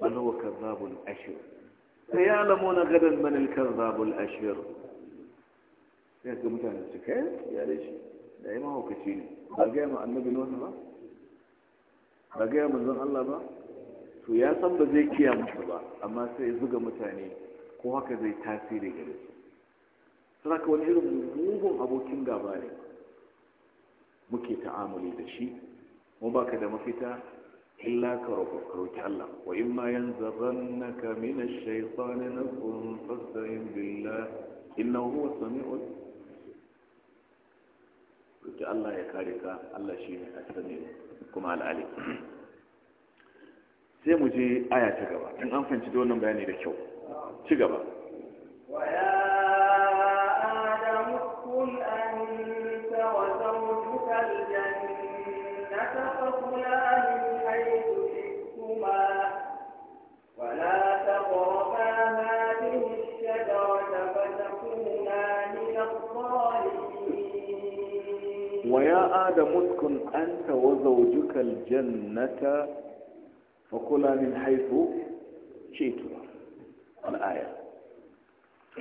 bal huwa kazzabul ashir sai ya lamu na gadan man al kazzabul ashir sai ga mutane su kai ya da shi da yi mahaukaci ne ba ga mu annabi nuhu ba ba ga mu zan Allah ba to ya san ba zai kiya musu ba amma sai ya zuga mutane ko haka zai tasiri gare su ka wani irin mugun abokin gaba ne muke ta'amuli da shi mu baka da mafita illa ka roƙi Allah wa in ma yanzaghannaka min ash-shaytani nazghun fasta'in billah innahu huwa samiu roƙi Allah ya kare ka Allah shi ne a sami kuma al sai mu je aya ta gaba in an fanci da wannan bayani da kyau ci gaba Ya يا آدم اسكن jannata وزوجك الجنة min haifu ceto شئتما الآية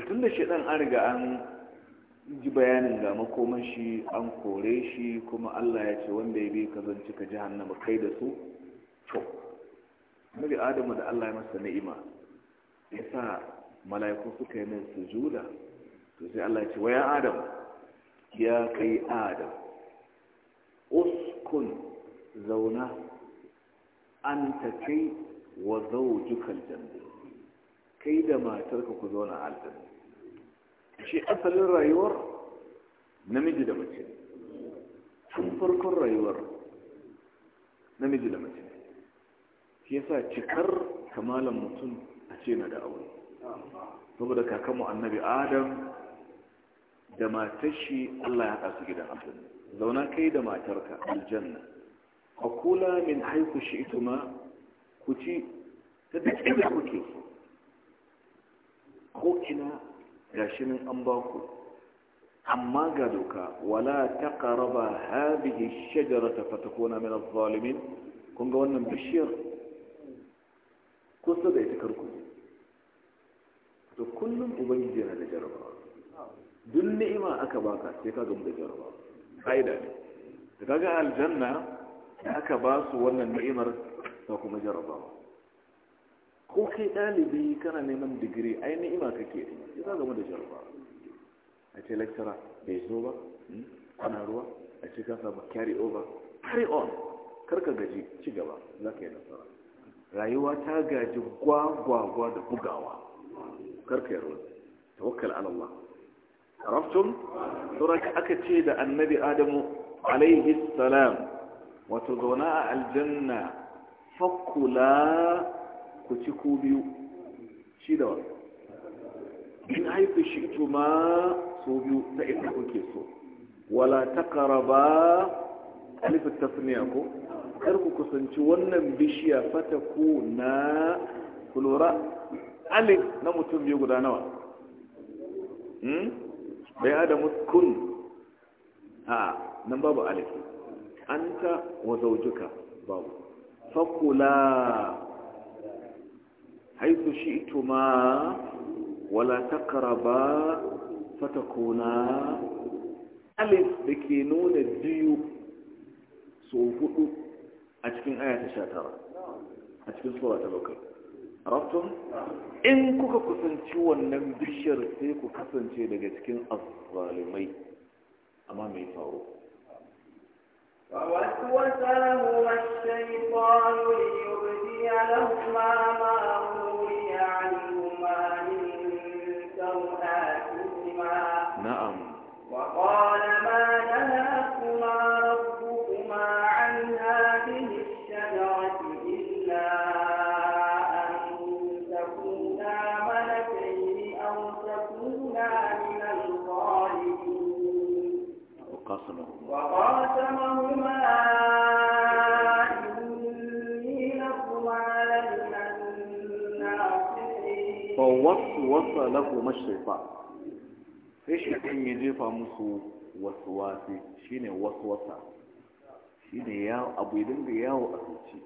tun da shaɗan an riga an ji bayanin ga makoman shi an kore shi kuma allah ya ce wanda ya bi ka zanci ka jihannama kai da su to nabi adamu da allah ya masa ni'ima ya sa mala'iku suka yi min sujuda to sai allah ya ce wa ya adamu ya kai adam kun zauna an ta kai wa zaujukan jannu kai da matarka ku zauna aljanna shi asalin rayuwar namiji da mace tun farkon rayuwar namiji da mace shi yasa cikar kamalan mutum a ce na da aure saboda kakanmu annabi adam da matashi Allah ya haɗa gidan aljanna zauna kai da matarka aljanna a kula min haiku shi ituma ku ci ta duk inda kuke ko kina gashi an ba ku amma ga doka wala ta karaba habihi ta fatakona min zalimin kun ga wannan bishiyar kusa da ita karku to kullum ubangiji yana da jarabawa duk ni'ima aka baka sai ka gamu da jarabawa fa'ida ne da ga aljanna da aka ba su wannan ni'imar da kuma jarabawa ko kai ɗalibi kana neman digiri ai ni'ima kake ya za gama da jarabawa a ce lecturer bai zo ba hmm? ana ruwa a ce ka samu carry over carry on karka gaji ci gaba za ka yi nasara rayuwa ta gaji gwagwagwa da bugawa karka yi ruwa tawakkal ala Allah عرفتم ترك أكتشي دا النبي آدم عليه السلام وتضناء الجنة فقلا كتكو بيو شي دوا من حيث شئتما صوبيو wala كيسو ولا تقربا ألف التثنية ku kusanci wannan bishiya fata ku na kulura alif na mutum biyu guda nawa bai adamu kun a nan babu alif anta wa zawjuka babu fakula haythu shi'tuma wala taqraba fatakuna alif dake nuna biyu so hudu a cikin aya 19 a cikin sura ta bakwai rabtun in kuka kusanci wannan bishiyar sai ku kasance daga cikin azalimai amma mai faru فوسوس لهما الشيطان ليبدي لهما ما هو wasa lafu mashaifa sai shaitan ya jefa musu wasu shine waswasa shine ya abu idan da yawo a zuci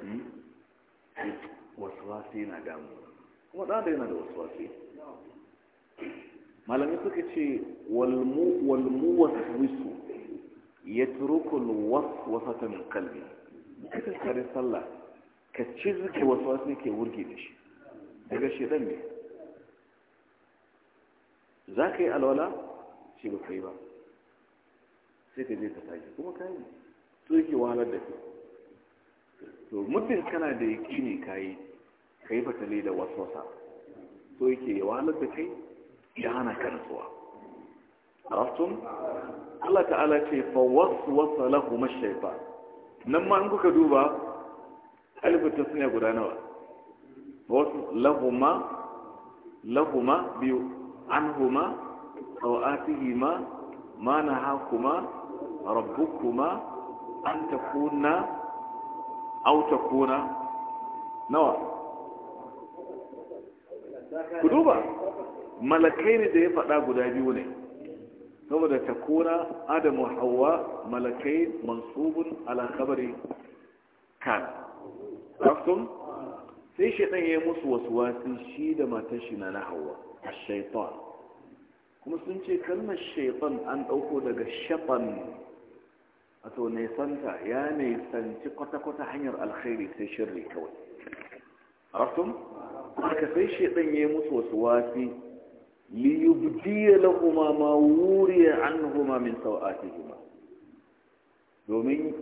hmm? wasi na damu kuma ɗan da yana da wasi. malami suka ce walmu walmu waswisu yatrukul waswasata min qalbi kake kare sallah ka cizge waswasi ke wurge da shi daga shedan ne za ka yi alwala shi ba kai ba sai ka je ka tashi kuma ka yi to yake wahalar da ke to muddin kana da yake ne ka yi ka yi fatali da waswasa so yake wahalar da kai ya hana karatuwa arastun Allah ta'ala ce fa waswasa lahu mashaifa nan ma in kuka duba alifin ta suna guda nawa wasu lahuma lahuma biyu anhuma sawatihima ma nahakuma rabbukuma an takuna aw takuna nawa ku duba malakai ne da ya faɗa guda biyu ne saboda takuna adamu hawa malakai mansubun ala khabari kan عرفتم sai shaitan ya yi musu wasu wasi shi da matar shi na nahawa a shaitan kuma sun ce kalmar shaitan an ɗauko daga shaitan a to nesanta ya nesanci kwata-kwata hanyar alkhairi sai shirri kawai arafin aka sai shaitan ya yi musu wasu wasi liyubdiya lahuma ma wuriya anhuma min sau'atihima domin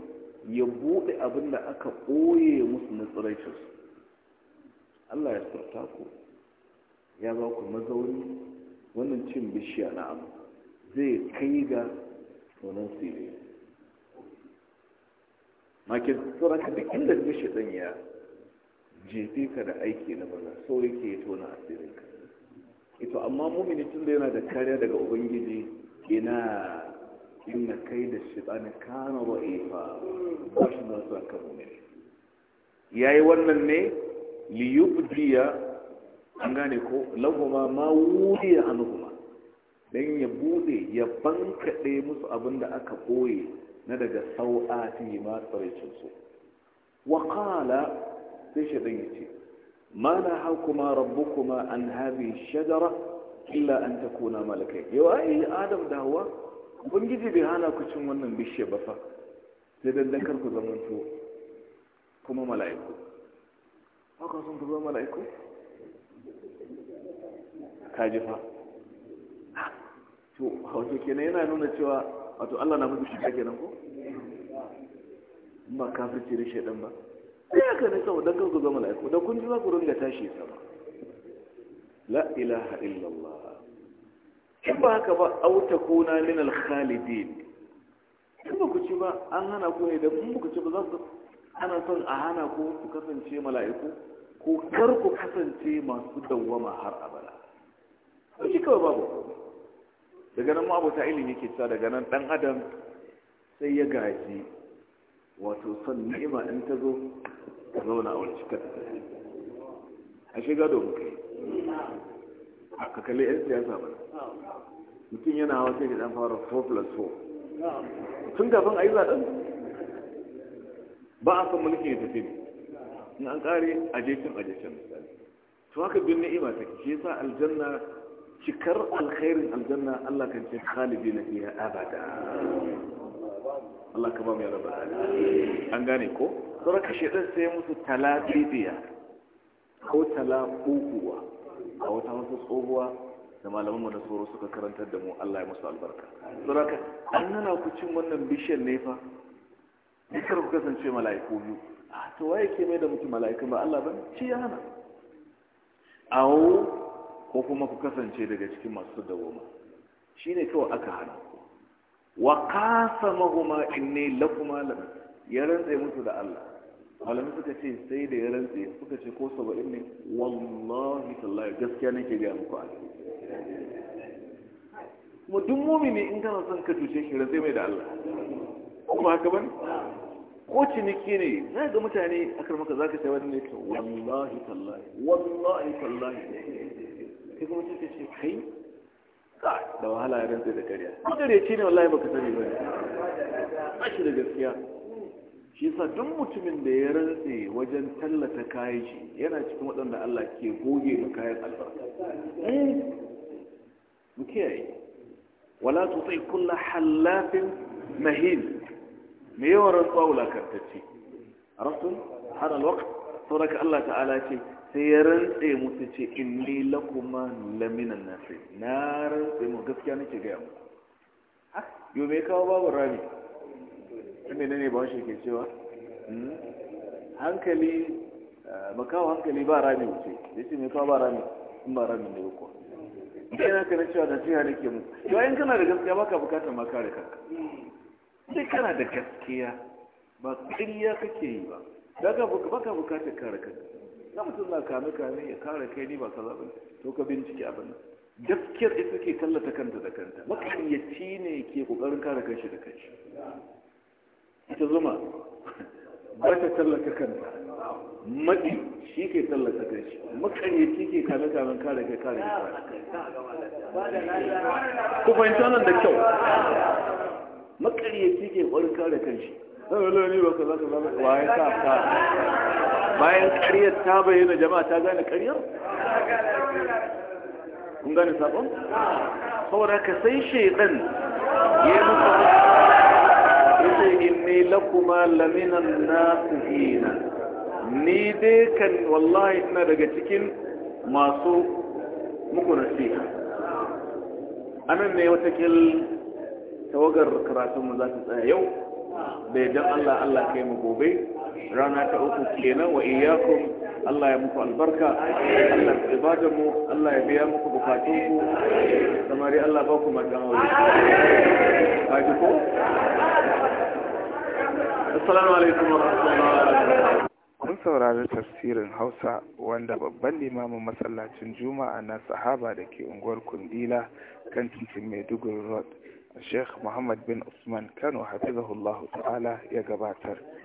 ya buɗe abin da aka ɓoye musu na tsiraicinsu allah ya sarta ku ya ba ku mazauni wannan cin bishiya na abu zai kai ga tonon sire makin tsoraka da inda bishiya ɗan ya jefe ka da aiki na bana so yake ya tona ka. ito amma mumini tun da yana da kariya daga ubangiji ina inna kai da shaitani yi fa. ba shi na sa ka mumini yi wannan ne liyubdiya an gane ko lahuma ma wudiya anhuma dan ya bude ya bankaɗe musu abin da aka ɓoye na daga sau'ati ma tsaraicin su wa sai shi dan yace ma la hakuma rabbukuma an hadhihi shajara illa an takuna malakai yau ai adam da hawa ubangiji bai hana ku cin wannan bishiyar ba fa sai dan ku zamanto kuma mala'iku haka sun ku zama mala'iku kaji fa to hausa kenan yana nuna cewa wato Allah na mutu shiga kenan ko ba kafirci da shaidan ba yi aka ne saboda kan ku zama mala'iku da kun ji za ku ringa tashi sama la ilaha illallah in ba haka ba auta kuna min al-khalidin in ba ku ci ba an hana ku ne da in ba ku ci ba za ku ana son a hana ko ku kasance mala'iku ko kar ku kasance masu dawwama har abada ko shi kawai babu daga nan abota ilimi ke sa daga nan dan adam sai ya gaji wato son ni'ima in ta zo ta zauna a wani cikar a shiga da kai. yi a kakali yan siyasa ba mutum yana hawa sai da dan fara 4 plus 4 tun kafin a yi zaɗen ba a san mulki ya tafi in an kare ajecin ajecin misali to haka bin ni'ima ta ke yasa aljanna cikar alkhairin aljanna Allah kan ce khalidi na fiha abada Allah kama mai raba an gane ko kashe shedan sai musu talatidiya ko talaquwa a wata wasu tsohuwa da malaman mu da tsoro suka karantar da mu Allah ya musu albarka saboda an nuna ku cin wannan bishiyar ne fa kar ku kasance mala'iku biyu a to waye ke mai da mutum mala'iku ba Allah bane shi ya hana awo ko kuma ku kasance daga cikin masu dawoma shine kawai aka hana wa qasamahuma inni lakuma lam ya rantse musu da Allah malamai suka ce sai da ya rantse suka ce ko saba'in ne wallahi tallahi gaskiya nake ga muku Allah kuma duk mumini in kana son ka tuce shi rantse mai da Allah kuma haka bane ko ciniki ne na ga mutane a karmaka za ka shawar ne ka wallahi tallahi wallahi tallahi kai kuma cikin ce kai ka da wahala ya rantsa da karya ko da ce ne wallahi baka sani ba ne. shi da gaskiya shi yasa duk mutumin da ya rantse wajen tallata kayan shi yana cikin waɗanda Allah ke goge ma kayan albarka eh, mu kiyaye wala tuti kullu halafin mahin me yawan rantsuwa wulakantacce A har alwaqt saboda Allah ta'ala ce sai ya rantse musu ce inni lakuma laminan nasi na rantse mu gaskiya nake ga mu ah, yo me kawo babu rami ne ne ba shi ke cewa hmm? hankali eh, ba kawo hankali ba rami wuce ya ce mai kawo ba rami in ba rami ne kuwa ina kana cewa da jiya nake mu to ayin kana da gaskiya baka bukatar ma kare kanka sai kana da gaskiya ba ƙirya kake yi ba daga baka bukatar kare kai na mutum na kame kame ya kare kai ni ba kaza ba to ka bincike abin gaskiyar da suke kallata kanta da kanta makayyaci ne ke kokarin kare kanshi da kanshi ita zuma ba ta tallata kanta maɗi shi ke tallata kanshi makayyaci ke kame kame kare kai kare kai ku fahimta nan da kyau makaryaci ke wani kare kanshi lalani ba ka za ka zama waye sa ka bayan karyar ta bayyana jama'a ta gane karyar kun gane sabon saboda ka sai shaidan ya yi muku yace inni lakuma laminan nasihina ni dai kan wallahi ina daga cikin masu muku nasiha anan ne wata kil tawagar karatunmu za ta tsaya yau da idan Allah Allah kai mu gobe rana ta uku kenan wa iyakum Allah ya muku albarka Allah ya ibada mu Allah ya biya muku bukatun ku samari Allah ba ku magana wa ka ko assalamu alaikum wa rahmatullahi Mun saurari tafsirin Hausa wanda babban limamin masallacin Juma'a na sahaba da ke unguwar Kundila kan titin Maiduguri Road. الشيخ محمد بن عثمان كانوا حفظه الله تعالى يا جباتر